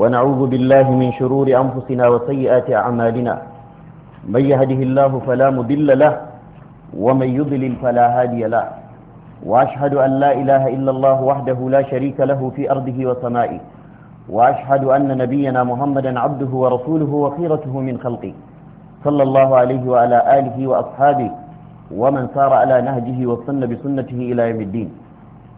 ونعوذ بالله من شرور أنفسنا وسيئات أعمالنا من يهده الله فلا مضل له ومن يضلل فلا هادي له وأشهد أن لا إله إلا الله وحده لا شريك له في أرضه وسمائه وأشهد أن نبينا محمدا عبده ورسوله وخيرته من خلقه صلى الله عليه وعلى آله وأصحابه ومن سار على نهجه واصطن بسنته إلى يوم الدين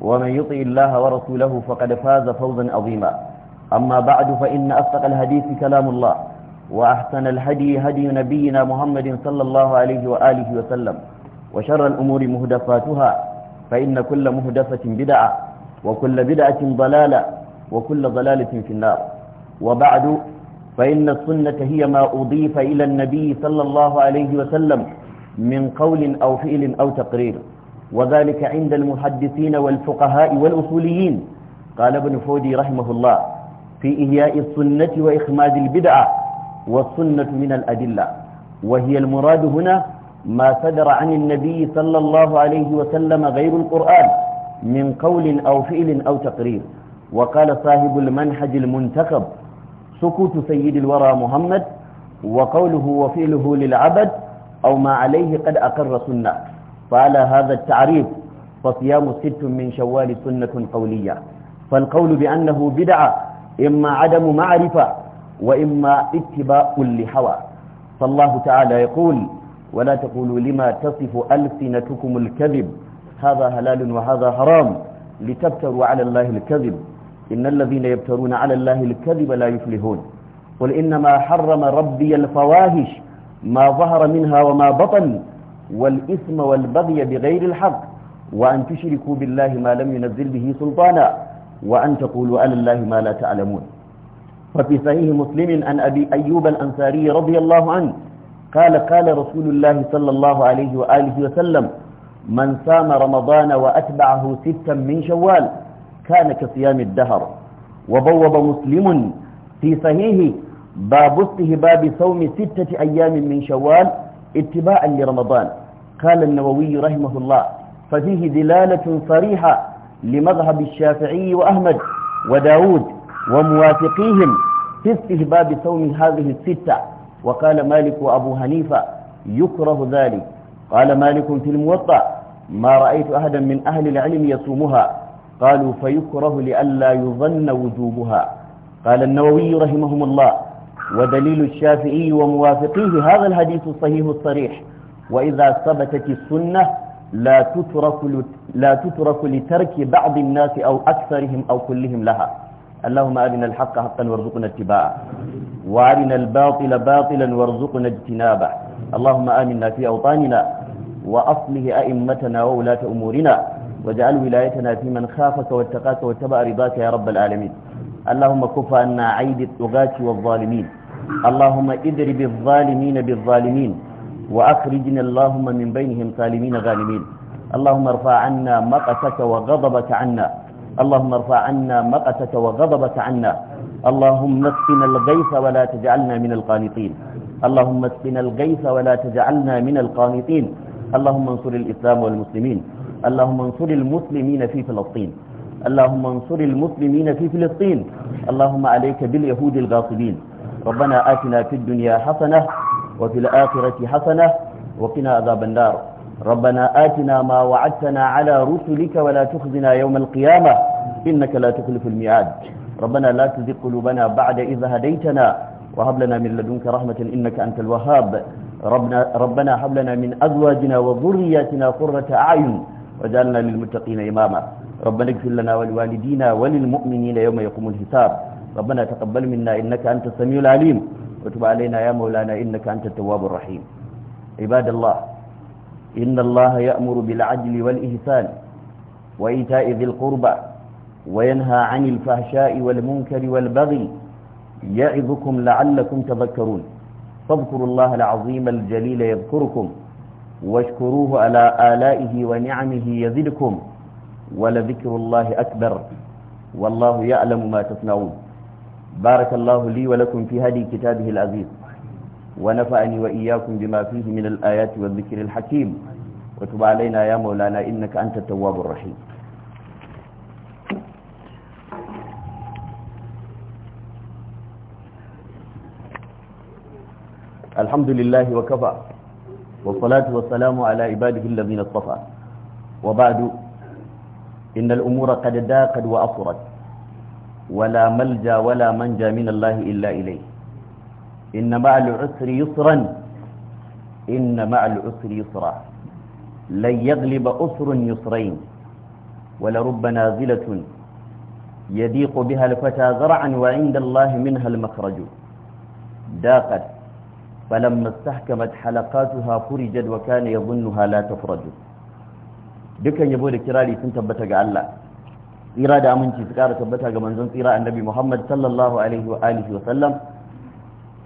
ومن يطع الله ورسوله فقد فاز فوزا عظيما أما بعد فإن أصدق الحديث كلام الله وأحسن الهدي هدي نبينا محمد صلى الله عليه وآله وسلم وشر الأمور مهدفاتها فإن كل مهدفة بدعة وكل بدعة ضلالة وكل ضلالة في النار وبعد فإن السنة هي ما أضيف إلى النبي صلى الله عليه وسلم من قول أو فعل أو تقرير وذلك عند المحدثين والفقهاء والأصوليين قال ابن فودي رحمه الله في إهياء السنة وإخماد البدعة والسنة من الأدلة وهي المراد هنا ما صدر عن النبي صلى الله عليه وسلم غير القرآن من قول أو فعل أو تقرير وقال صاحب المنهج المنتخب سكوت سيد الورى محمد وقوله وفعله للعبد أو ما عليه قد أقر سنة فعلى هذا التعريف فصيام ست من شوال سنة قولية فالقول بأنه بدعة إما عدم معرفة وإما اتباع لحوى فالله تعالى يقول ولا تقولوا لما تصف ألسنتكم الكذب هذا حلال وهذا حرام لتبتروا على الله الكذب إن الذين يبترون على الله الكذب لا يفلحون قل إنما حرم ربي الفواهش ما ظهر منها وما بطن والإثم والبغي بغير الحق وأن تشركوا بالله ما لم ينزل به سلطانا وأن تقولوا على الله ما لا تعلمون ففي صحيح مسلم عن أبي أيوب الأنصاري رضي الله عنه قال قال رسول الله صلى الله عليه وآله وسلم من صام رمضان وأتبعه ستا من شوال كان كصيام الدهر وبوب مسلم في صحيحه باب استهباب صوم ستة أيام من شوال اتباعا لرمضان قال النووي رحمه الله ففيه دلالة صريحة لمذهب الشافعي وأحمد وداود وموافقيهم في استهباب صوم هذه الستة وقال مالك وأبو حنيفة يكره ذلك قال مالك في الموطأ ما رأيت أحدا من أهل العلم يصومها قالوا فيكره لئلا يظن وجوبها قال النووي رحمهم الله ودليل الشافعي وموافقيه هذا الحديث الصحيح الصريح وإذا ثبتت السنة لا تترك لا تترك لترك بعض الناس أو أكثرهم أو كلهم لها اللهم أرنا الحق حقا وارزقنا اتباعه وأرنا الباطل باطلا وارزقنا اجتنابه اللهم آمنا في أوطاننا وأصله أئمتنا وولاة أمورنا واجعل ولايتنا في من خافك واتقاك واتبع رضاك يا رب العالمين اللهم كف عنا عيد الطغاة والظالمين اللهم اضرب الظالمين بالظالمين وأخرجنا اللهم من بينهم سالمين غانمين اللهم ارفع عنا مقتك وغضبك عنا اللهم ارفع عنا مقتك وغضبك عنا اللهم اسقنا الغيث ولا تجعلنا من القانطين اللهم اسقنا الغيث ولا تجعلنا من القانطين اللهم انصر الإسلام والمسلمين اللهم انصر المسلمين في فلسطين اللهم انصر المسلمين في فلسطين اللهم عليك باليهود الغاصبين ربنا آتنا في الدنيا حسنة وفي الآخرة حسنة وقنا عذاب النار ربنا آتنا ما وعدتنا على رسلك ولا تخزنا يوم القيامة إنك لا تخلف الميعاد ربنا لا تزغ قلوبنا بعد إذ هديتنا وهب لنا من لدنك رحمة إنك أنت الوهاب ربنا, ربنا هب لنا من أزواجنا وذرياتنا قرة أعين وجعلنا للمتقين إماما ربنا اغفر لنا ولوالدينا وللمؤمنين يوم يقوم الحساب ربنا تقبل منا إنك أنت السميع العليم وتب علينا يا مولانا إنك أنت التواب الرحيم عباد الله إن الله يأمر بالعدل والإحسان وإيتاء ذي القربى وينهى عن الفحشاء والمنكر والبغي يعظكم لعلكم تذكرون فاذكروا الله العظيم الجليل يذكركم واشكروه على آلائه ونعمه يزدكم ولذكر الله أكبر والله يعلم ما تصنعون بارك الله لي ولكم في هدي كتابه العزيز ونفعني وإياكم بما فيه من الآيات والذكر الحكيم وتب علينا يا مولانا إنك أنت التواب الرحيم الحمد لله وكفى والصلاة والسلام على عباده الذين اصطفى وبعد إن الأمور قد داقد وأفرت ولا ملجا ولا منجا من الله إلا إليه إن مع العسر يسرا إن مع العسر يسرا لن يغلب أسر يسرين ولرب نازلة يضيق بها الفتى زرعا وعند الله منها المخرج داقت فلما استحكمت حلقاتها فرجت وكان يظنها لا تفرج dukkan yabo da kirari sun tabbata ga Allah tsira da aminci su ƙara tabbata ga manzon tsira annabi Muhammad sallallahu alaihi wa alihi wa sallam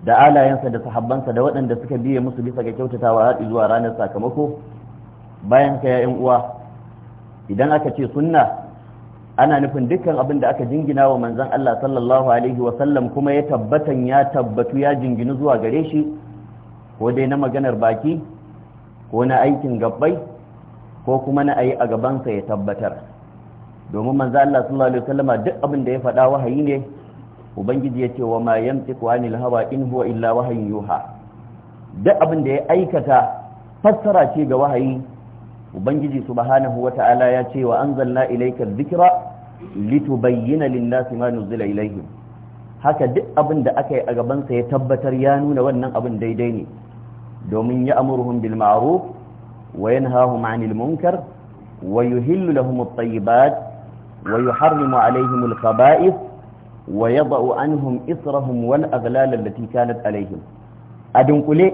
da alayensa da sahabbansa da waɗanda suka biye musu bisa ga kyautatawa haɗi zuwa ranar sakamako bayan ka ya uwa idan aka ce sunna ana nufin dukkan abin da aka jingina wa manzon Allah sallallahu alaihi wa sallam kuma ya tabbatan ya tabbatu ya jinginu zuwa gare shi ko dai na maganar baki ko na aikin gabbai ko kuma na ayi a gabansa ya tabbatar domin manzo Allah sallallahu alaihi wasallama duk abin da ya faɗa wahayi ne ubangiji ya ce wa ma yamtiku anil hawa in huwa illa wahayin yuha duk abin da ya aikata fassara ce ga wahayi ubangiji subhanahu wata'ala ya ce wa anzalna ilayka dhikra litubayyana lin-nasi ma nuzila ilayhim haka duk abin da aka yi a gabansa ya tabbatar ya nuna wannan abin daidai ne domin ya amurhum bil ma'ruf وينهاهم عن المنكر ويهل لهم الطيبات ويحرم عليهم الخبائث ويضع عنهم إصرهم والأغلال التي كانت عليهم أدنقلي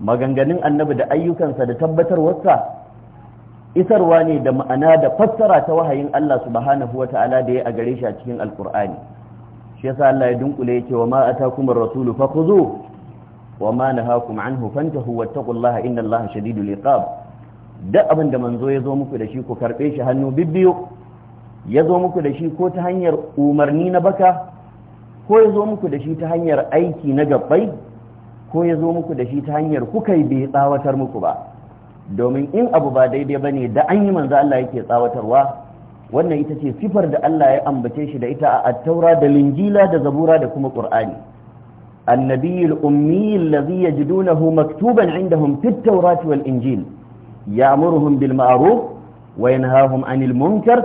maganganun annabi da ayyukansa da tabbatarwarsa isarwa ne da ma'ana da fassara ta wahayin Allah subhanahu ta'ala da ya a gare shi a cikin alkur'ani shi yasa Allah ya dunkule wa ma rasulu fakhuzu وما نهاكم عنه فانتهوا واتقوا الله إن الله شديد العقاب da abin da manzo ya zo muku da shi ku karɓe shi hannu bibiyo ya zo muku da shi ko ta hanyar umarni na baka ko ya zo muku da shi ta hanyar aiki na gabbai ko ya zo muku da shi ta hanyar kuka bai tsawatar muku ba domin in abu ba daidai ba ne da an yi manzo Allah yake tsawatarwa wannan ita ce sifar da Allah ya ambace shi da ita a attaura da linjila da zabura da kuma ƙur'ani النبي الأمي الذي يجدونه مكتوبا عندهم في التوراة والإنجيل يأمرهم بالمعروف وينهاهم عن المنكر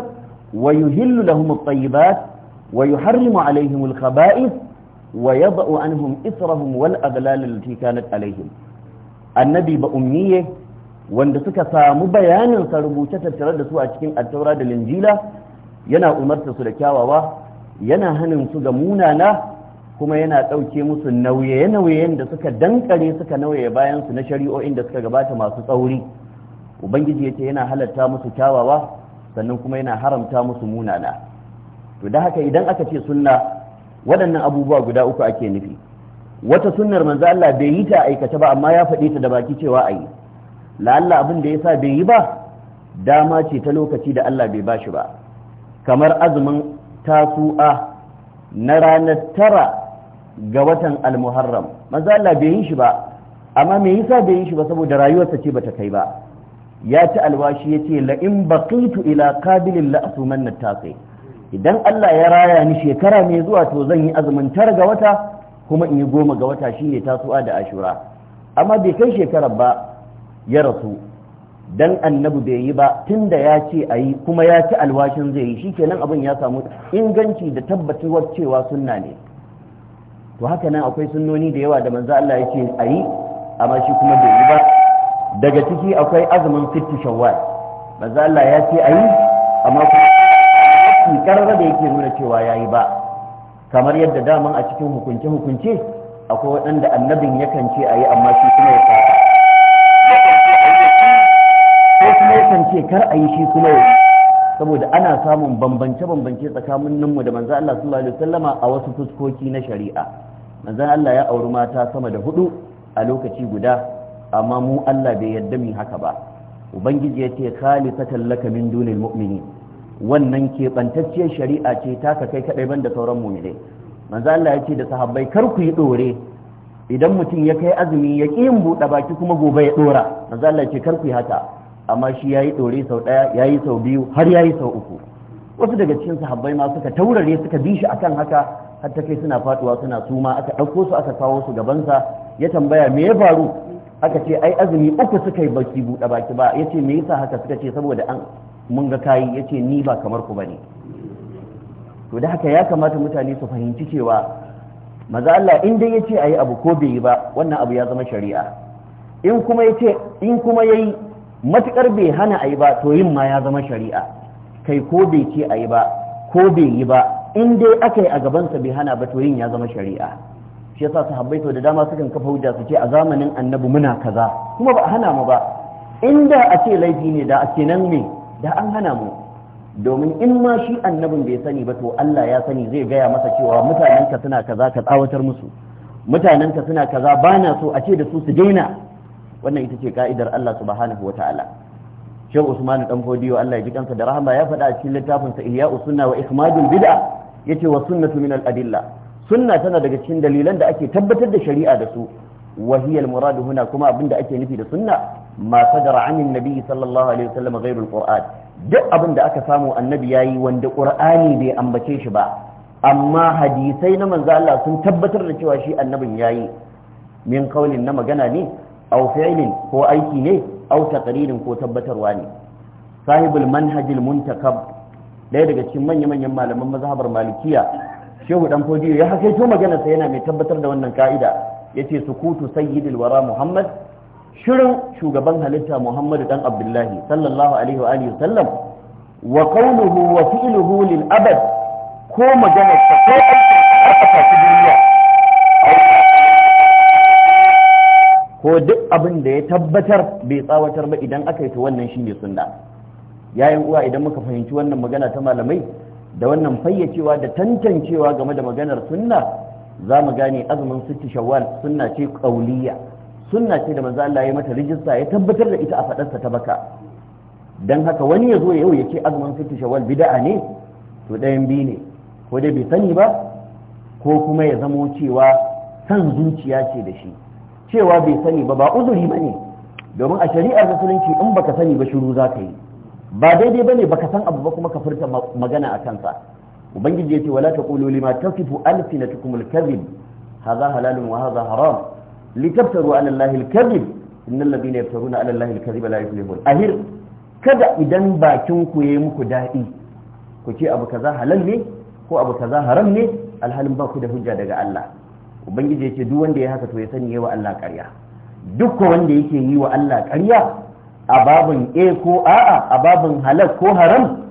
ويهل لهم الطيبات ويحرم عليهم الخبائث ويضع عنهم إثرهم والأغلال التي كانت عليهم النبي بأمية واندسك suka بيان bayaninsa rubuce tattare da su a cikin attaura da linjila yana umarta kuma yana ɗauke musu nauye-nauyen da suka dankare suka nauye bayansu na shari'o'in da suka gabata masu tsauri ubangiji ya ce yana halatta musu kyawawa sannan kuma yana haramta musu munana to da haka idan aka ce sunna waɗannan abubuwa guda uku ake nufi wata sunnar manzo Allah bai yi ta aikata ba amma ya faɗi ta da baki cewa ayi la'alla abin da yasa bai yi ba dama ce ta lokaci da Allah bai bashi ba kamar azumin tasu'a na ranar tara ga watan al-muharram manzo Allah bai yi shi ba amma me yasa bai yi shi ba saboda rayuwarsa ce bata kai ba ya ci alwashi ya ce lain baqitu ila qabilin la asumanna taqi idan Allah ya raya ni shekara mai zuwa to zan yi azumin tara ga wata kuma in yi goma ga wata shine tasu'a da ashura amma bai kai shekarar ba ya rasu dan annabi bai yi ba tunda ya ce a yi kuma ya ci alwashin zai yi shikenan abin ya samu inganci da tabbatarwar cewa sunna ne to haka nan akwai sunnoni da yawa da manzo Allah yake a yi amma shi kuma bai yi ba daga ciki akwai azumin fitu shawwal manzo Allah ya ce a yi amma kuma karara da yake nuna cewa ya yi ba kamar yadda daman a cikin hukunce hukunce akwai waɗanda annabin yakan ce a yi amma shi kuma ya fara. ko kuma yakan ce kar a yi shi kuma ya saboda ana samun bambance-bambance mu da manzo Allah sallallahu alaihi wasallama a wasu fuskoki na shari'a manzan Allah ya auri mata sama da hudu a lokaci guda amma mu Allah bai yarda mu haka ba ubangiji ya ce khalisatan laka min dunil mu'minin wannan keɓantacciyar shari'a ce ta ka kai kaɗai banda sauran mu'minai manzan Allah ya ce da sahabbai kar ku yi dore idan mutum ya kai azumi ya ƙi yin buɗe baki kuma gobe ya ɗora manzan Allah ya ce kar ku yi haka amma shi yayi dore sau ɗaya yayi sau biyu har yayi sau uku wasu daga cikin sahabbai ma suka taurare suka bi shi akan haka har ta kai suna faduwa suna suma aka ɗauko su aka kawo su gabansa ya tambaya me ya faru aka ce ai azumi uku suka yi baki buɗe baki ba ya ce me yasa haka suka ce saboda an mun ga kayi ya ce ni ba kamar ku bane to da haka ya kamata mutane su fahimci cewa maza Allah in dai ya ce a abu ko bai yi ba wannan abu ya zama shari'a in kuma ya ce in kuma yayi yi bai hana ayi ba to yin ma ya zama shari'a kai ko bai ce a ba ko bai yi ba in dai aka yi a gabansa bai hana ba to yin ya zama shari'a shi yasa sahabbai sau da dama sukan kafa hujja su ce a zamanin annabi muna kaza kuma ba a hana mu ba in da a ce laifi ne da a ce nan ne da an hana mu domin in ma shi annabin bai sani ba to Allah ya sani zai gaya masa cewa mutanenka suna kaza ka tsawatar musu mutanenka suna kaza ba na so a ce da su su daina wannan ita ce ka'idar Allah subhanahu wataala Sheikh Usman dan Fodiyo Allah ya ji kansa da rahama ya faɗa a cikin littafinsa, sa Ihya wa Ikmadul Bid'a yace wa sunnatu min al-adilla sunna tana daga cikin dalilan da ake tabbatar da shari'a da su wa hiya al-murad huna kuma abinda ake nufi da sunna ma sadara anin nabi sallallahu alaihi wasallam ghairu al-qur'an duk abinda aka samu annabi yayi wanda qur'ani bai ambace shi ba amma hadisai na manzo Allah sun tabbatar da cewa shi annabin yayi min kaulin na magana ne aw fi'lin ko aiki ne aw taqririn ko tabbatarwa ne sahibul manhajil muntakab daya daga cikin manya-manyan malaman mazhabar malikiya shehu dan fodiyo ya hakaito magana sa yana mai tabbatar da wannan ka'ida yace sukutu sayyidil wara muhammad shirin shugaban halitta muhammad dan abdullahi sallallahu alaihi wa alihi sallam wa qawluhu wa fi'luhu lil abad ko magana sa ko aikin sa ta duniya ko duk abin da ya tabbatar bai tsawatar ba idan aka yi ta wannan shine sunna yayin uwa idan muka fahimci wannan magana ta malamai da wannan fayyacewa da tantancewa game da maganar sunna za mu gane azumin sitti shawwal sunna ce kauliya sunna ce da manzo Allah ya mata rijista ya tabbatar da ita a fadarsa ta baka dan haka wani ya zo yau ya ce azumin sitti shawwal bid'a ne to dayan bi ne ko dai bai sani ba ko kuma ya zamo cewa san zuciya ce da shi cewa bai sani ba ba uzuri ne, domin a shari'ar musulunci in baka sani ba shiru za ka yi ba daidai ba baka san abu ba kuma ka furta magana a kansa ubangiji yace wala taqulu lima tasifu alsinatukum alkadhib hadha halalun wa hadha haram litaftaru ala allahi alkadhib innal ladina yaftaruna ala allahi alkadhiba la yuflihun ahir kada idan bakin ku yayi muku dadi ku ce abu kaza halal ne ko abu kaza haram ne alhalin ba ku da hujja daga Allah ubangiji yace duk wanda ya haka to ya sani yawa Allah ƙarya duk wanda yake yi wa Allah ƙarya a babin a ko a'a a babin halal ko haram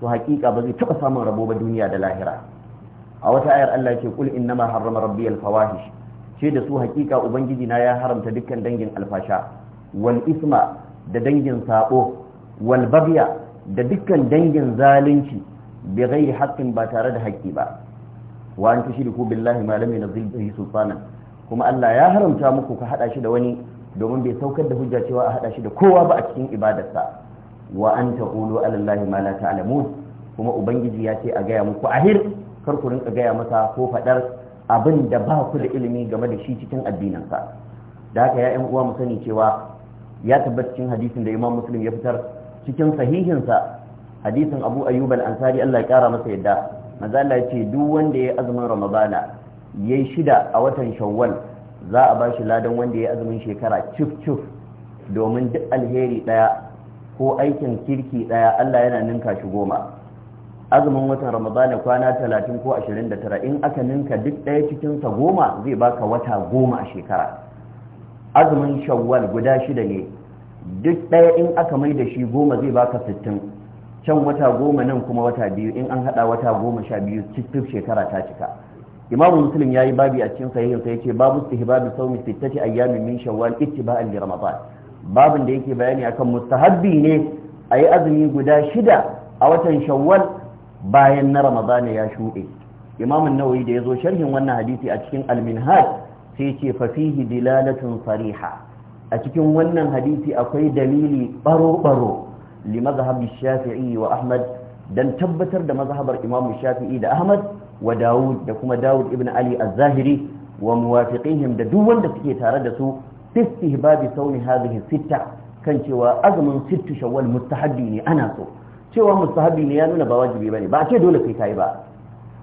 to haƙiƙa ba zai taɓa samun rabo ba duniya da lahira a wata ayar Allah ce kul innama harrama rabbi al ce da su haƙiƙa ubangiji na ya haramta dukkan dangin alfasha wal isma da dangin sabo wal babya da dukkan dangin zalunci bi ghairi haqqin ba tare da haƙƙi ba wa an tushriku billahi Malami na yunzil sultana kuma Allah ya haramta muku ka hada shi da wani domin bai saukar da hujja cewa a hada shi da kowa ba a cikin ibadarsa wa an taqulu ala allahi ma la kuma ubangiji ya ce a gaya muku ahir kar ku rinka gaya masa ko fadar abin da ba ku da ilimi game da shi cikin addinansa da haka ya uwa mu sani cewa ya tabbata cikin hadisin da imam muslim ya fitar cikin sahihinsa hadisin abu ayyub al-ansari Allah ya kara masa yadda manzo Allah ya ce duk wanda ya azumin ramadana yayi shida a watan shawwal za a ba shi ladan wanda ya yi azumin shekara cif cif domin duk alheri daya ko aikin kirki daya Allah yana ninka shi goma azumin watan ramadana kwana talatin ko ashirin da tara in aka ninka duk ɗaya cikinsa goma zai baka wata goma a shekara azumin shawwal guda shida ne duk ɗaya in aka mai da shi goma zai baka sittin can wata goma nan kuma wata biyu in an haɗa wata goma sha biyu cikin shekara ta cika imam muslim yi babi a cikin sahihin ya ce babu istihbabi sawmi sittati ayyamin min shawwal ittiba'an li ramadan babin da yake bayani akan mustahabbi ne ayi azumi guda shida a watan shawwal bayan na ramadan ya shuɗe imam an-nawawi ya zo sharhin wannan hadisi a cikin al-minhaj sai yace fa fihi dilalatun sariha a cikin wannan hadisi akwai dalili baro baro li shafi'i wa ahmad don tabbatar da mazhabar imam shafi'i da ahmad wa Dawud da kuma Dawud ibn Ali az-Zahiri wa muwafiqihim da duk wanda suke tare da su fi istihbabi sauni hadhihi sitta kan cewa azumin sittu shawwal mustahabbi ne ana so cewa mustahabbi ne ya nuna ba wajibi bane ba a ce dole sai kai ba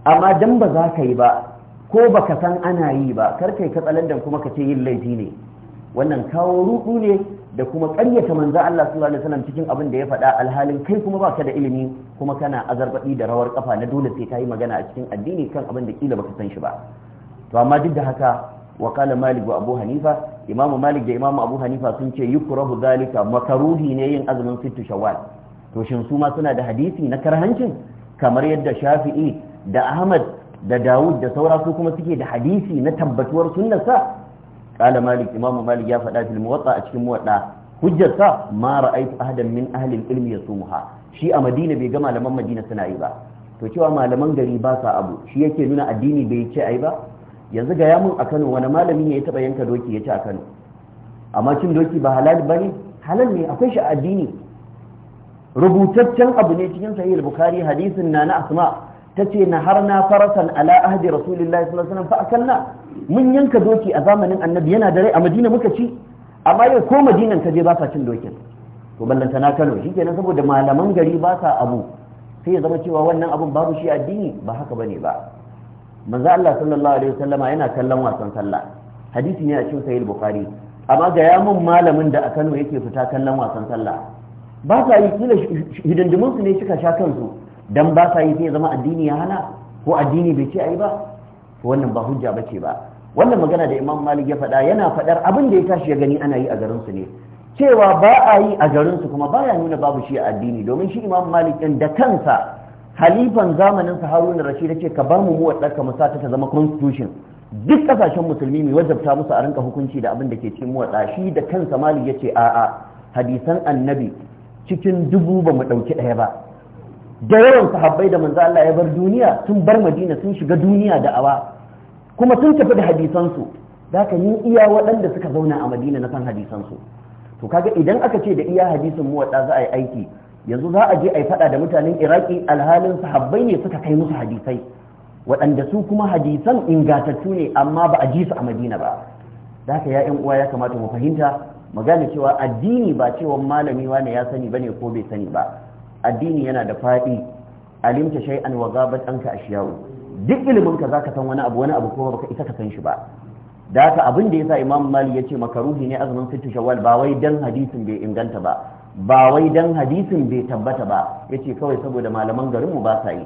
amma dan ba za ka yi ba ko baka san ana yi ba kar kai katsalandan kuma ka ce yin laifi ne wannan kawo rudu ne da kuma ƙaryata manzo Allah sallallahu alaihi wasallam cikin abin da ya faɗa alhalin kai kuma baka da ilimi kuma kana azarbaɗi da rawar kafa na dole sai kayi magana a cikin addini kan abin da kila baka san shi ba to amma duk da haka wa qala malik wa abu hanifa imam malik da imam abu hanifa sun ce yukrahu zalika makaruhi ne yin azumin sittu shawwal to shin su ma suna da hadisi na karhancin kamar yadda shafi'i da ahmad da dawud da saura su kuma suke da hadisi na tabbatuwar sunnarsa qala malik imamu malik ya faɗa fil muwatta a cikin muwatta hujjar mara ma ra'aytu ahadan min ahli al-ilmi shi a madina bai ga malaman madina suna yi ba to cewa malaman gari ba sa abu shi yake nuna addini bai ce ai ba yanzu ga yamun a Kano wani malami ne ya taba yanka doki ya ci a Kano amma cin doki ba halal ne? halal ne akwai shi a addini rubutaccen abu ne cikin sahih al-bukhari hadisin Nana asma tace na har na farasan ala ahdi rasulillahi sallallahu alaihi wasallam fa mun yanka doki a zamanin annabi yana da rai a madina muka ci amma yau ko madinan ka je ba sa cin dokin to ballanta na kano Shi kenan saboda malaman gari ba sa abu sai ya zama cewa wannan abun babu shi addini ba haka bane ba manzo Allah sallallahu alaihi wasallama yana kallon wasan sallah hadisi ne a cikin sahih bukhari amma ga yamun malamin da a Kano yake fita kallon wasan sallah ba sa yi kila hidindimin su ne suka sha kansu dan ba sa yi sai ya zama addini ya hana ko addini bai ce ayi ba to wannan ba hujja ba bace ba wannan magana da imam malik ya faɗa yana faɗar abin da ya tashi ya gani ana yi a garinsu ne cewa ba a yi a garinsu kuma baya nuna babu shi a addini domin shi imam malik ɗin da kansa halifan zamanin sa haruna rashid ya ce ka bar mu mu wadda mu sa ta zama constitution duk kasashen musulmi mai wajabta musu a rinka hukunci da abin da ke cikin wadda shi da kansa malik ya ce a'a hadisan annabi cikin dubu ba mu ɗauki ɗaya ba da yawan sahabbai da manzo Allah ya bar duniya sun bar madina sun shiga duniya da awa kuma sun tafi da hadisansu za ka ni iya waɗanda suka zauna a madina na san hadisansu to kaga idan aka ce da iya hadisin muwaɗa za a yi aiki yanzu za a je a yi faɗa da mutanen iraki alhalin sahabbai ne suka kai musu hadisai waɗanda su kuma hadisan ingantattu ne amma ba a ji su a madina ba Za ka ya yan uwa ya kamata mu fahimta mu gane cewa addini ba cewa malami wane ya sani bane ko bai sani ba addini yana da faɗi alimta shay'an wa ghabat anka ashiyawu duk ilimin ka zaka san wani abu wani abu kuma baka isa ka san shi ba da haka abin da yasa imam mali ya ce makaruhi ne azumin sittu shawwal ba wai dan hadisin bai inganta ba ba wai dan hadisin bai tabbata ba yace kawai saboda malaman garin mu ba sa yi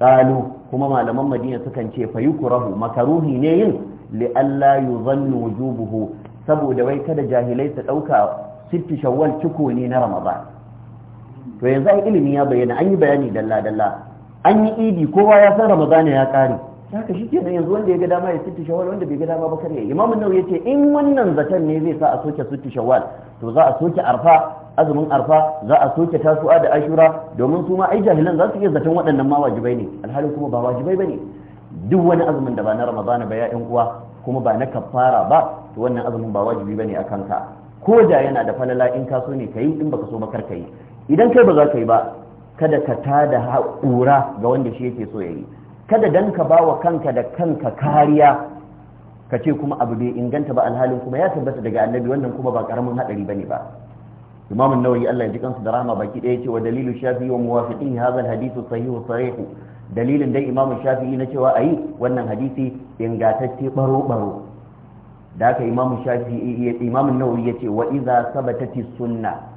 qalu kuma malaman madina sukan ce fayukurahu makaruhi ne yin li alla yuzannu wujubuhu saboda wai kada jahilai su dauka sittu shawwal ciko ne na ramadan to yanzu ai ilimi ya bayyana an yi bayani dalla dalla an yi idi kowa ya san ramadana ya kare haka shi kenan yanzu wanda ya ga dama ya sitti shawwal wanda bai ga dama ba kare imam nawawi yace in wannan zaton ne zai sa a soke sitti shawwal to za a soke arfa azumin arfa za a soke tasu'a da ashura domin su ma ai jahilan za su iya zaton waɗannan ma wajibai ne alhalin kuma ba wajibai bane duk wani azumin da ba na ramadana ba ya yan uwa kuma ba na kafara ba to wannan azumin ba wajibi bane akan ka ko da yana da falala in ka so ne kayi in baka so ba kar yi. idan kai ba za ka yi ba kada ka tada haƙura ga wanda shi yake so ya yi kada dan ka ba wa kanka da kanka kariya ka ce kuma abu bai inganta ba alhalin kuma ya tabbata daga annabi wannan kuma ba karamin haɗari bane ba imam an-nawawi Allah ya ji kansu da rahama baki ɗaya ce wa dalilu shafi'i wa muwafiqin hadha al-hadithu sahihu sahih dalilin dai imam shafi'i na cewa ayi wannan hadisi ingatacce baro baro da haka imam shafi'i imam an-nawawi yace wa idza sabatati sunnah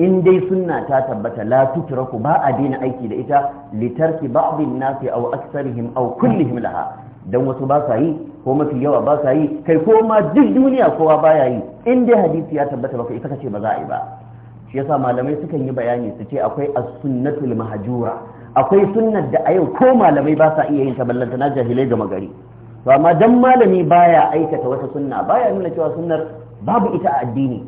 in dai sunna ta tabbata la tutraku ba a daina aiki da ita litarki ba'dhin nasi aw aksarihim aw kullihim laha dan wasu ba sa yi ko mafi yawa ba sa yi kai ko ma duk duniya kowa baya yi in dai hadisi ya tabbata ba kai kace ba za a yi ba shi yasa malamai sukan yi bayani su ce akwai as-sunnatul mahjura akwai sunnar da a yau ko malamai ba sa iya yin ta ballanta na jahilai gama gari to amma dan malami baya aikata wata sunna baya nuna cewa sunnar babu ita a addini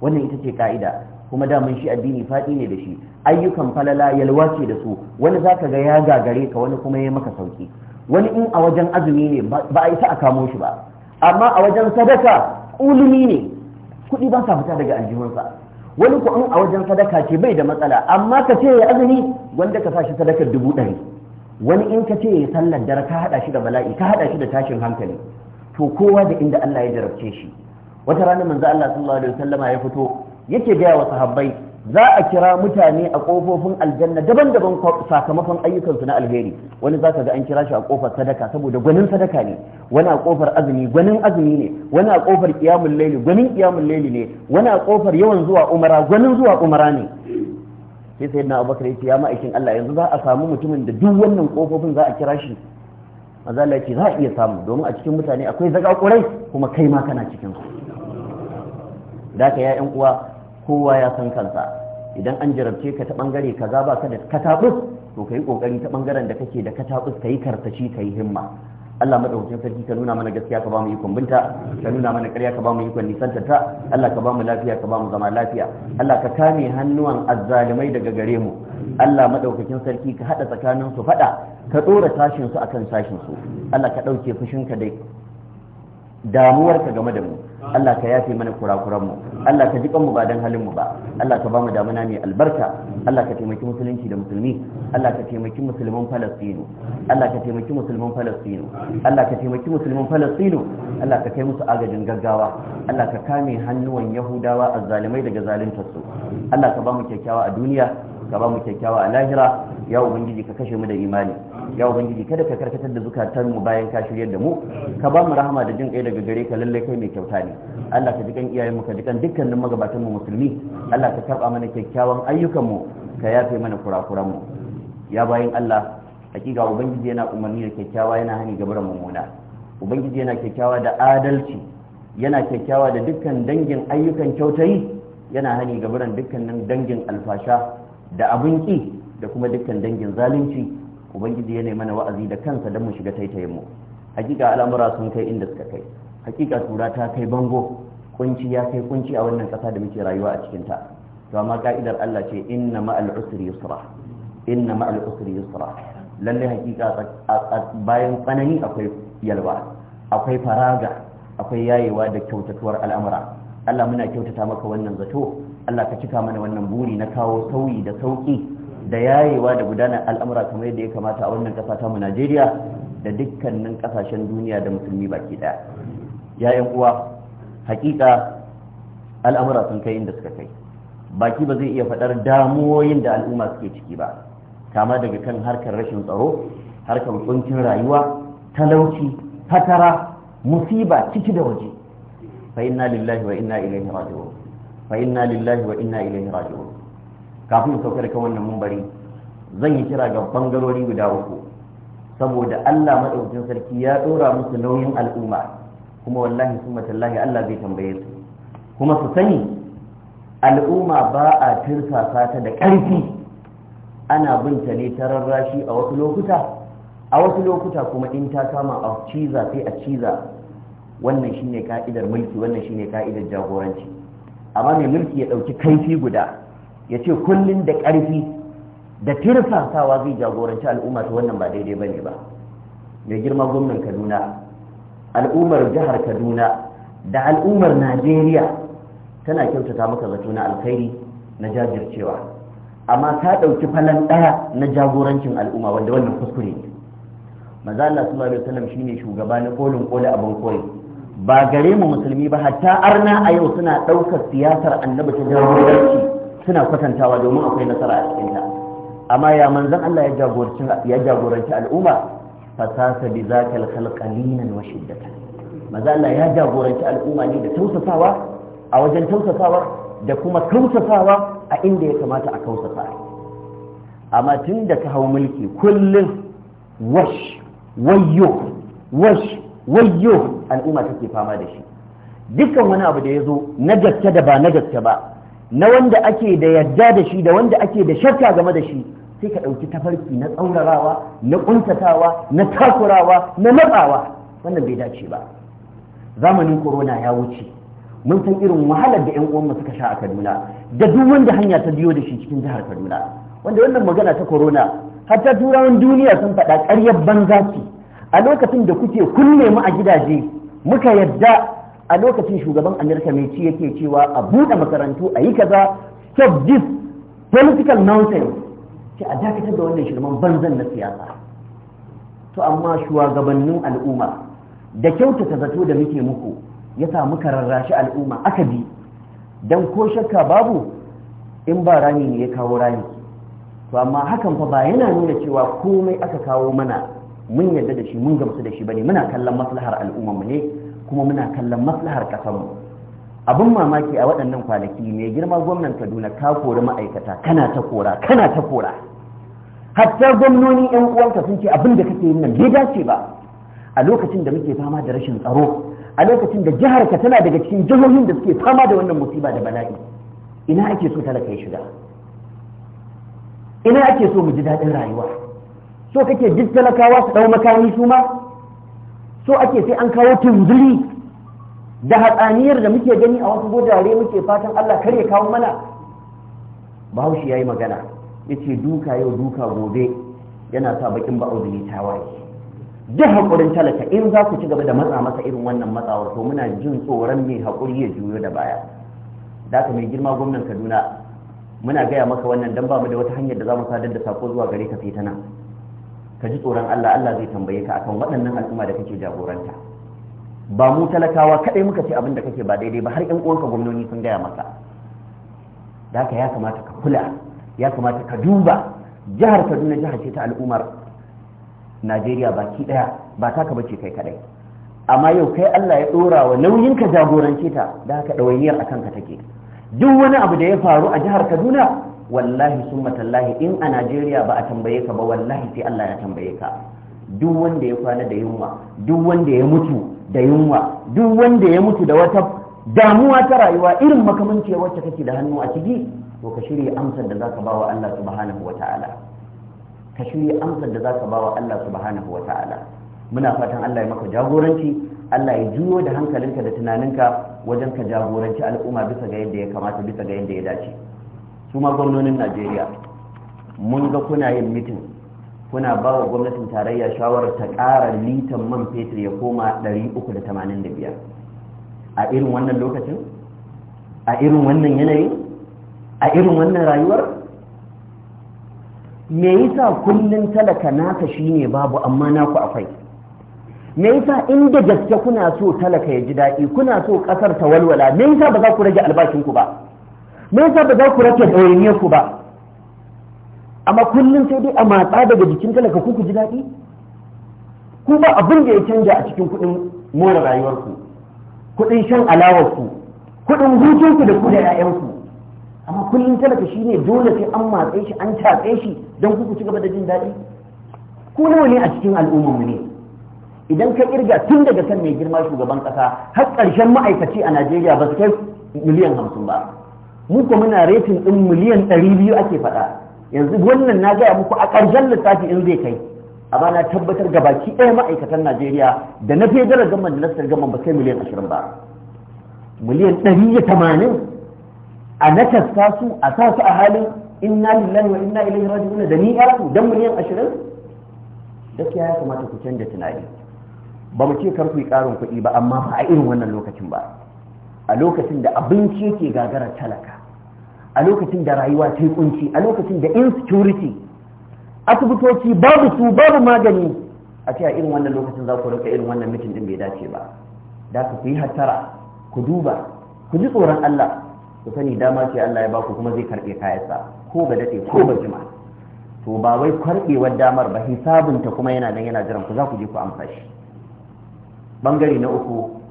wannan ita ce ka'ida kuma mun shi addini faɗi ne da shi ayyukan falala yalwa ce da su wani za ka ga ya gagare ka wani kuma ya maka sauki wani in a wajen azumi ne ba a isa a kamo shi ba amma a wajen sadaka ulumi ne kuɗi ba sa fita daga aljihunsa wani ko in a wajen sadaka ce bai da matsala amma ka ce ya azumi wanda ka sa shi sadakar dubu ɗari wani in ka ce ya sallar dare ka haɗa shi da bala'i ka haɗa shi da tashin hankali to kowa da inda Allah ya jarabce shi wata rana manzo Allah sallallahu alaihi wasallama ya fito yake gaya wa sahabbai za a kira mutane a ƙofofin aljanna daban-daban sakamakon ayyukansu na alheri wani za ka ga an kira shi a kofar sadaka saboda gwanin sadaka ne wani a kofar azumi gwanin azumi ne wani a kofar qiyamul laili gwanin ƙiyamun laili ne wani a kofar yawan zuwa umara gwanin zuwa umara ne sai na abubakar ya ce ya ma'aikin Allah yanzu za a samu mutumin da duk wannan kofofin za a kira shi mazala ce za a iya samu domin a cikin mutane akwai zaga kurai kuma kai ma kana cikin su da ka ya yan uwa kowa ya san kansa idan an jarabce ka ta bangare kaza ba ka da katabus to kai kokari ta bangaren da kake da katabus kai karsashi kai himma Allah madaukakin sarki ka nuna mana gaskiya ka ba mu ikon binta ka nuna mana ƙarya ka ba mu ikon nisanta ta Allah ka ba mu lafiya ka ba mu zama lafiya Allah ka kame hannuwan azzalimai daga gare mu Allah madaukakin sarki ka hada tsakanin su fada ka tsora tashin su akan tashin su Allah ka dauke fushinka da damuwarka game da mu Allah ka yafe mana mu Allah ka ji kanmu ba dan halin mu ba Allah ka mu damuna mai albarka Allah ka taimaki musulunci da musulmi Allah ka taimaki musulmin Falastinu Allah ka taimaki musulmin Falastinu Allah ka taimaki musulmin Falastinu Allah ka kai musu agajin gaggawa Allah ka kame hannuwan Yahudawa azzalimai daga zaluntar su Allah ka bamu kyakkyawa a duniya ka bamu kyakkyawa a lahira ya ubangiji ka kashe mu da imani ya ubangiji kada ka karkatar da zukatan mu bayan ka shirye da mu ka ba mu rahama da jin kai daga gare ka lalle kai mai kyauta ne Allah ka jikan iyayen mu ka jikan dukkanin magabatan mu musulmi Allah ka karba mana kyakkyawan ayyukan mu ka yafe mana kurakuran mu ya bayin Allah hakika ubangiji yana umarni da kyakkyawa yana hani ga mummuna ubangiji yana kyakkyawa da adalci yana kyakkyawa da dukkan dangin ayyukan kyautayi yana hani ga dukkanin dangin alfasha da abinki da kuma dukkan dangin zalunci ubangiji ya mana wa'azi da kansa don mu shiga taitayin mu hakika al'amura sun kai inda suka kai hakika tura ta kai bango kunci ya kai kunci a wannan kasa da muke rayuwa a cikin ta to amma ka'idar Allah ce inna ma'al usri yusra inna ma'al usri yusra lalle hakika bayan tsanani akwai yalwa akwai faraga akwai yayewa da kyautatuwar al'amura Allah muna kyautata maka wannan zato Allah ka cika mana wannan buri na kawo sauyi da sauki da yayewa da gudanar al'amura kamar yadda ya kamata a wannan kasa ta mu Najeriya da dukkanin kasashen duniya da musulmi baki ɗaya ya'yan uwa hakika al'amura sun kai inda suka kai baki ba zai iya faɗar damuwoyin da al'umma suke ciki ba kama daga kan harkar rashin tsaro harkar tsuncin rayuwa talauci fatara musiba ciki da waje fa inna lillahi wa inna ilaihi raji'un fa inna lillahi wa inna ilaihi raji'un kafin sauka da kan wannan mumbari zan yi kira ga bangarori guda uku saboda Allah madaukakin sarki ya dora musu nauyin al'umma kuma wallahi summa tallahi Allah zai tambaye su kuma su sani al'umma ba a tirsasa ta da ƙarfi ana binta ne ta rarrashi a wasu lokuta a wasu lokuta kuma in ta kama a ciza sai a ciza wannan shine ka'idar mulki wannan shine ka'idar jagoranci amma mai mulki ya ɗauki kaifi guda ya ce kullum da ƙarfi da tirsasawa zai jagoranci al'umma ta wannan ba daidai ba ne ba mai girma gwamnan kaduna al'ummar jihar kaduna da al'ummar najeriya tana kyautata maka zato na alkhairi na jajircewa amma ta ɗauki falon ɗaya na jagorancin al'umma wanda wannan kuskure ne maza Allah sallallahu alaihi wasallam shine shugaba na kolin koli, abin koyi ba gare mu musulmi ba hatta arna a yau suna ɗaukar siyasar annabi ta jagoranci suna kwatantawa domin akwai nasara a cikinta amma ya manzan Allah ya jagoranci al'umma fasasa bi zaka alqalilan wa shiddatan maza Allah ya jagoranci al'umma ne da tausasawa a wajen tausasawa da kuma tausasawa a inda ya kamata a tausasa. amma tun da ka hau mulki kullum wash wayyo wash wayyo al'umma take fama da shi dukkan wani abu da ya zo na gaske da ba na gaske ba na wanda ake da yadda da shi da wanda ake da shakka game da shi sai ka ɗauki tafarki na tsaurarawa na ƙuntatawa na takurawa na matsawa wannan bai dace ba zamanin korona ya wuce mun san irin wahalar da yan uwanmu suka sha a kaduna da duk wanda hanya ta biyo da shi cikin jihar kaduna wanda wannan magana ta corona ta turawan duniya sun faɗa ƙaryar banza ce a lokacin da kuke kunne mu a gidaje muka yadda a lokacin shugaban amurka mai ci yake cewa a buɗe makarantu a yi kaza stop this political nonsense ce a dakatar da wannan shirman banzan na siyasa to amma shugabannin al'umma da kyautata zato da muke muku ya sa muka rarrashi al'umma aka bi don ko shakka babu in ba rami ne ya kawo rami to amma hakan fa ba yana nuna cewa komai aka kawo mana mun yarda da shi mun gamsu da shi bane muna kallon maslahar al'umma mu ne kuma muna kallon maslahar mu abin mamaki a waɗannan kwanaki mai girma gwamnan kaduna ka kori ma'aikata kana ta kora kana ta kora hatta gwamnoni yan uwanka sun ce abin da kake yin nan bai dace ba a lokacin da muke fama da rashin tsaro a lokacin da jihar ka tana daga cikin jihohin da suke fama da wannan musiba da bala'i ina ake so talaka ya shiga ina ake so mu ji daɗin rayuwa so kake duk talakawa su ɗau makami su ma so ake sai an kawo tunzuri da hatsaniyar da muke gani a wasu gudare muke fatan Allah kar ya kawo mana bahaushe ya yi magana ya ce duka yau duka gobe yana sa bakin ba'audi ta tawaye duk haƙurin talaka in za ku ci gaba da matsa masa irin wannan matsawar to muna jin tsoron mai haƙuri ya juyo da baya da ka mai girma gwamnan kaduna muna gaya maka wannan don ba mu da wata hanyar da za mu sadar da sako zuwa gare ka fitana ka ji tsoron Allah Allah zai tambaye ka akan waɗannan al'umma da kake jagoranta ba mu talakawa kaɗai muka ce abin da kake ba daidai ba har ƴan uwanka gwamnoni sun gaya maka da haka ya kamata ka kula ya kamata ka duba jihar Kaduna jihar ce ta al'ummar Najeriya baki ɗaya ba taka bace kai kaɗai amma yau kai Allah ya ɗora wa nauyin ka jagorance ta da haka ɗawainiyar akan ka take duk wani abu da ya faru a jihar Kaduna wallahi sun matallahi in a najeriya ba a tambaye ka ba wallahi sai allah ya tambaye ka duk wanda ya kwana da yunwa duk wanda ya mutu da yunwa duk wanda ya mutu da wata damuwa ta rayuwa irin makamanci wacce kake da hannu a ciki to ka shirya amsar da zaka bawa allah subhanahu wataala ka shirya amsar da zaka bawa allah subhanahu wataala muna fatan allah ya maka jagoranci allah ya juyo da hankalinka da tunaninka wajen ka jagoranci al'umma bisa ga yadda ya kamata bisa ga yadda ya dace su ma gwamnonin najeriya mun ga kuna yin mitin kuna ba wa gwamnatin tarayya shawarar ta ƙara litan man fetur ya koma 385 a irin wannan lokacin a irin wannan yanayi a irin wannan rayuwar me yasa kullun talaka naka shine babu amma naku akwai me yasa inda gaske kuna so talaka ya ji daɗi kuna so ƙasar ta walwala me yasa ba za ku rage albashinku ba me yasa ba za ku rake ɗawainiyar ku ba amma kullum sai dai a matsa daga jikin talaka ku ji daɗi ku ba abin da ya canja a cikin kuɗin more rayuwarku kuɗin shan alawarku kuɗin hutunku da ku da 'ya'yanku amma kullum talaka shi ne dole sai an matse shi an tatse shi don ku ku ci gaba da jin daɗi ku nawa ne a cikin al'ummarmu ne idan ka kirga tun daga kan mai girma shugaban ƙasa har ƙarshen ma'aikaci a najeriya ba su kai miliyan hamsin ba mu ko muna rating din miliyan 200 ake faɗa yanzu wannan na gaya muku a ƙarshen lissafi in zai kai a na tabbatar ga baki ɗaya ma'aikatan Najeriya da na federal government da na state government ba kai miliyan 20 ba miliyan 180 a nakasta su a sa su a halin inna lillahi wa inna ilaihi raji'un da ni yara dan miliyan 20 gaskiya ya kamata ku canja tunani ba mu ce kar ku yi ƙarin kuɗi ba amma ba a irin wannan lokacin ba a lokacin da abinci yake gagarar talaka a lokacin da rayuwa ta kunci a lokacin da insecurity asibitoci babu su babu magani a ce a irin wannan lokacin za ku rika irin wannan mutum din bai dace ba da ku yi hattara ku duba ku ji tsoron Allah ku sani dama ce Allah ya baku kuma zai karɓe kayansa ko ga dade ko ba jima to ba wai karɓewar damar ba hisabinta kuma yana nan yana jiran ku za ku je ku amsa shi bangare na uku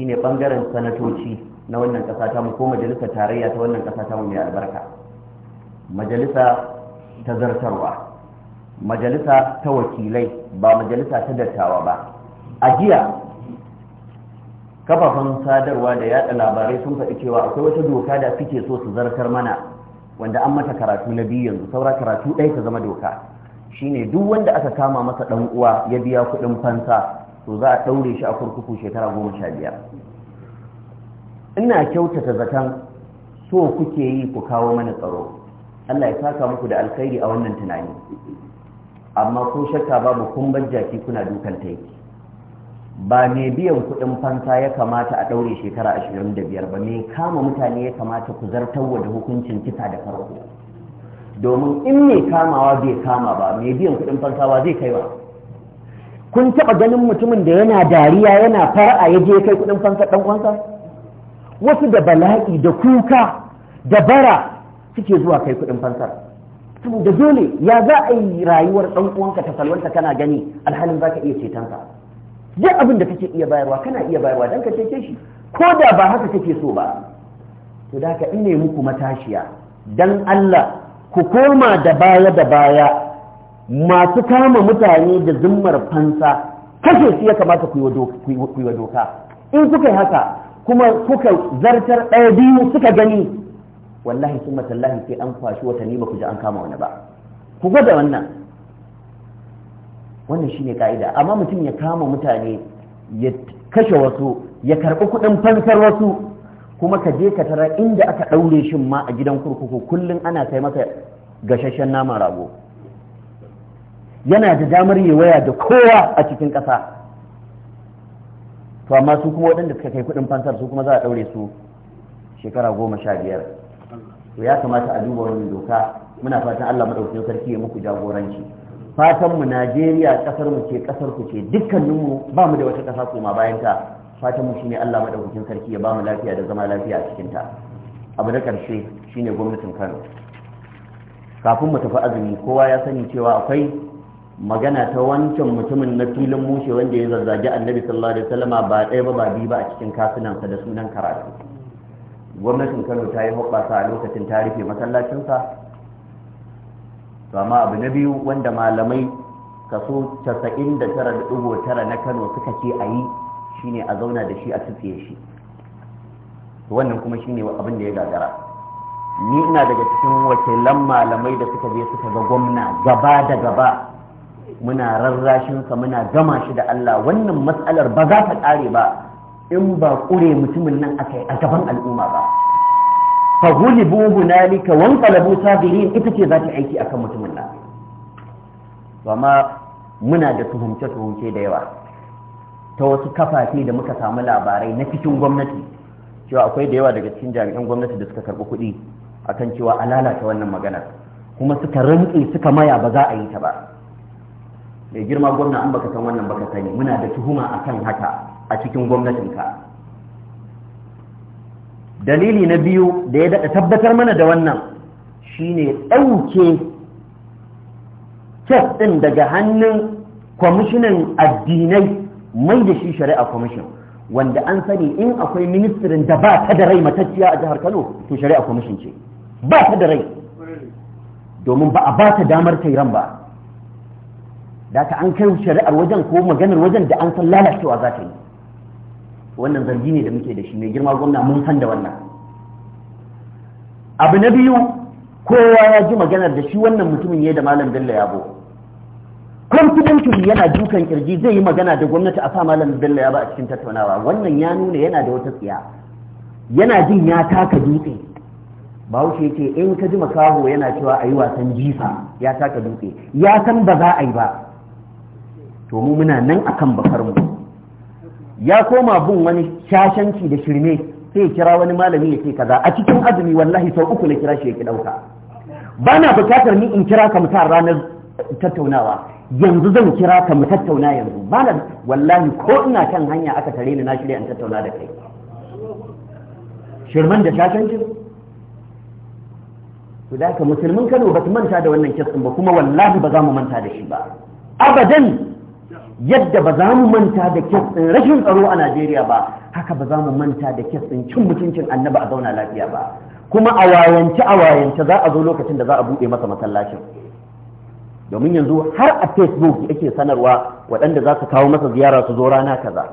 shine ɓangaren sanatoci na wannan ƙasa ta mu ko majalisar tarayya ta wannan ƙasa ta mu mai albarka majalisa ta zartarwa majalisa ta wakilai ba majalisa ta dattawa ba a jiya kafafen sadarwa da yada labarai sun faɗi cewa akwai wata doka da suke so su zartar mana wanda an mata karatu na biyu yanzu saura karatu ɗaya ta zama doka shine duk wanda aka kama masa ɗan uwa ya biya kuɗin fansa to za a ɗaure shi a kurkuku shekara goma sha biyar ina kyautata zaton so kuke yi ku kawo mana tsaro Allah ya saka muku da alkhairi a wannan tunani amma ko shakka babu kun jaki kuna dukan taiki ba mai biyan kuɗin fansa ya kamata a ɗaure shekara ashirin da biyar ba mai kama mutane ya kamata ku zartar wa da hukuncin kisa da farko domin in mai kamawa bai kama ba mai biyan kuɗin fansawa zai kai ba kun taɓa ganin mutumin da yana dariya yana fara ya je kai kuɗin fansa ɗan uwansa wasu da bala'i da kuka da bara suke zuwa kai kuɗin fansar da dole ya za a yi rayuwar ɗan uwanka ta salwanta kana gani alhalin za ka iya ka duk abin da kake iya bayarwa kana iya bayarwa dan ka ceke shi ko da ba haka kake so ba to da ka ine muku matashiya dan Allah ku koma da baya da baya masu kama mutane da zimmar fansa kashe su ya kamata ku yi wa doka in suka yi haka kuma kuka zartar ɗaya biyu suka gani wallahi sun matallahi sai an kwashi wata ba ku an kama wani ba ku gwada wannan wannan shine ka'ida amma mutum ya kama mutane ya kashe wasu ya karɓi kuɗin fansar wasu kuma ka je ka tara inda aka ɗaure shin ma a gidan kurkuku kullum ana kai maka gashashen naman rago yana da damar yi waya da kowa a cikin ƙasa to amma su kuma waɗanda suka kai kuɗin fansar su kuma za a ɗaure su shekara goma sha biyar to ya kamata a duba wani doka muna fatan Allah maɗauki sarki ya muku jagoranci fatan mu Najeriya ƙasar mu ce ƙasar ku ce dukkanin ba mu da wata ƙasa koma bayan ta fatan mu shine Allah maɗaukakin sarki ya ba mu lafiya da zama lafiya a cikin ta abu na ƙarshe shine gwamnatin Kano kafin mu tafi azumi kowa ya sani cewa akwai magana ta wancan mutumin na filin mushe wanda ya zazzagi annabi sallallahu alaihi wasallama ba ɗaya ba ba biyu ba a cikin kasunansa da sunan karatu gwamnatin kano ta yi hoɓɓasa a lokacin ta rufe masallacinsa to amma abu na biyu wanda malamai kaso 99.9 na kano suka ce a yi shine a zauna da shi a tufiye shi wannan kuma shine abin da ya gagara ni ina daga cikin wakilan malamai da suka je suka ga gwamna gaba da gaba muna rarrashinsa muna gama shi da Allah wannan matsalar ba za ta ƙare ba in ba ƙure mutumin nan aka yi a gaban al'umma ba fa hulibu hunalika wan qalabu sabirin ita ce za ta aiki akan mutumin nan amma muna da tuhumce tuhumce da yawa ta wasu kafafe da muka samu labarai na cikin gwamnati cewa akwai da yawa daga cikin jami'an gwamnati da suka karɓi kuɗi akan cewa a lalata wannan magana kuma suka rantse suka maya ba za a yi ta ba mai girma gwamna an baka san wannan baka sani muna da tuhuma a kan haka a cikin gwamnatinka dalili na biyu da ya daɗa tabbatar mana da wannan shine ɗauke kek ɗin daga hannun kwamishinan addinai mai da shi shari'a kwamishin wanda an sani in akwai ministirin da ba ta da rai matacciya a jihar kano to shari'a kwamishin ce ba ta da rai domin ba a ba ta damar ta ran ba da ka an kai shari'ar wajen ko maganar wajen da an san lalacewa za ta yi wannan zargi ne da muke da shi mai girma gwamna mun san da wannan abu na biyu kowa ya ji maganar da shi wannan mutumin ya da malam bello yabo confidently yana dukan kirji zai yi magana da gwamnati a sa malam bello yabo a cikin tattaunawa wannan ya nuna yana da wata tsiya yana jin ya taka dutse bahaushe ya ce in ka ji makaho yana cewa a yi wasan jifa ya taka dutse ya san ba za a yi ba to mu muna nan akan bakar mu ya koma bin wani shashanci da shirme sai kira wani malami ya ce kaza a cikin azumi wallahi sau uku na kira shi ya ki dauka ba na bukatar ni in kira ka mutar ranar tattaunawa yanzu zan kira ka mu tattauna yanzu ba na wallahi ko ina kan hanya aka tare ni na shirya in tattauna da kai shirman da shashancin ku da ka musulmin Kano ba su manta da wannan kisan ba kuma wallahi ba za mu manta da shi ba abadan yadda ba za mu manta da ɗin rashin tsaro a Najeriya ba haka ba za mu manta da ɗin cin mutuncin annaba a zauna lafiya ba kuma a wayance a wayance za a zo lokacin da za a buɗe masa masallacin domin yanzu har a facebook yake sanarwa waɗanda za su kawo masa ziyara su zo rana kaza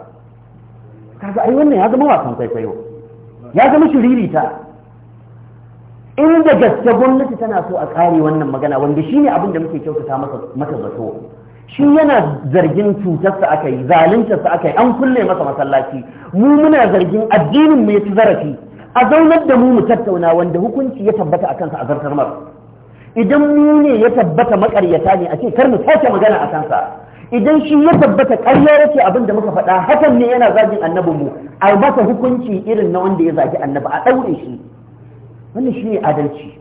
kaga ai wannan ya zama wasan kwaikwayo ya zama shiririta da gaske gwamnati tana so a ƙare wannan magana wanda shine abin da muke kyautata masa mata zato shi yana zargin cutarsa aka yi zaluntarsa aka yi an kulle masa masallaci mu muna zargin addinin mu ya ci zarafi a zaunar da mu mu tattauna wanda hukunci ya tabbata a kansa a zartar mar idan mu ne ya tabbata makaryata ne a ce kar mu sake magana a kansa idan shi ya tabbata karya yake abin da muka faɗa hakan ne yana zagin mu. a masa hukunci irin na wanda ya zagi annabi a ɗaure shi wannan shi ne adalci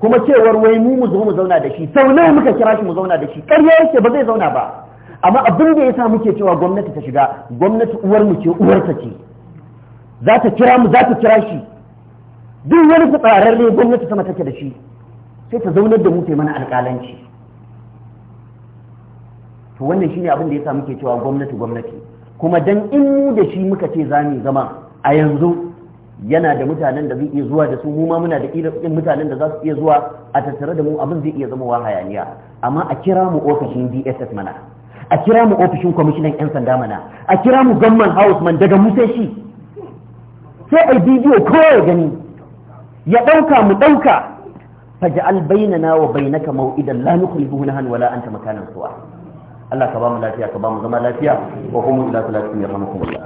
kuma cewar wai mu mu zo mu zauna da shi sau nawa muka kira shi mu zauna da shi ƙarya yake ba zai zauna ba amma abin da yasa muke cewa gwamnati ta shiga gwamnati uwar mu ce uwar ta ce za ta kira mu za ta kira shi duk wani ne gwamnati sama take da shi sai ta zaunar da mu ta mana alƙalanci to wannan shine abin da yasa muke cewa gwamnati gwamnati kuma dan in mu da shi muka ce za mu zama a yanzu yana da mutanen da zai iya zuwa da su mu ma muna da irin mutanen da za su iya zuwa a tattare da mu abin zai iya zama wa hayaniya amma a kira mu ofishin DSS mana a kira mu ofishin kwamishinan 'yan sanda mana a kira mu gamman house man daga mu sai shi sai a bidiyo kowa ya gani ya ɗauka mu ɗauka faj'al bainana wa bainaka maw'idan la nukhlifuhu nahan wala anta makanan su'a Allah ka ba mu lafiya ka ba mu zama lafiya wa qumu ila salatin yarhamukumullah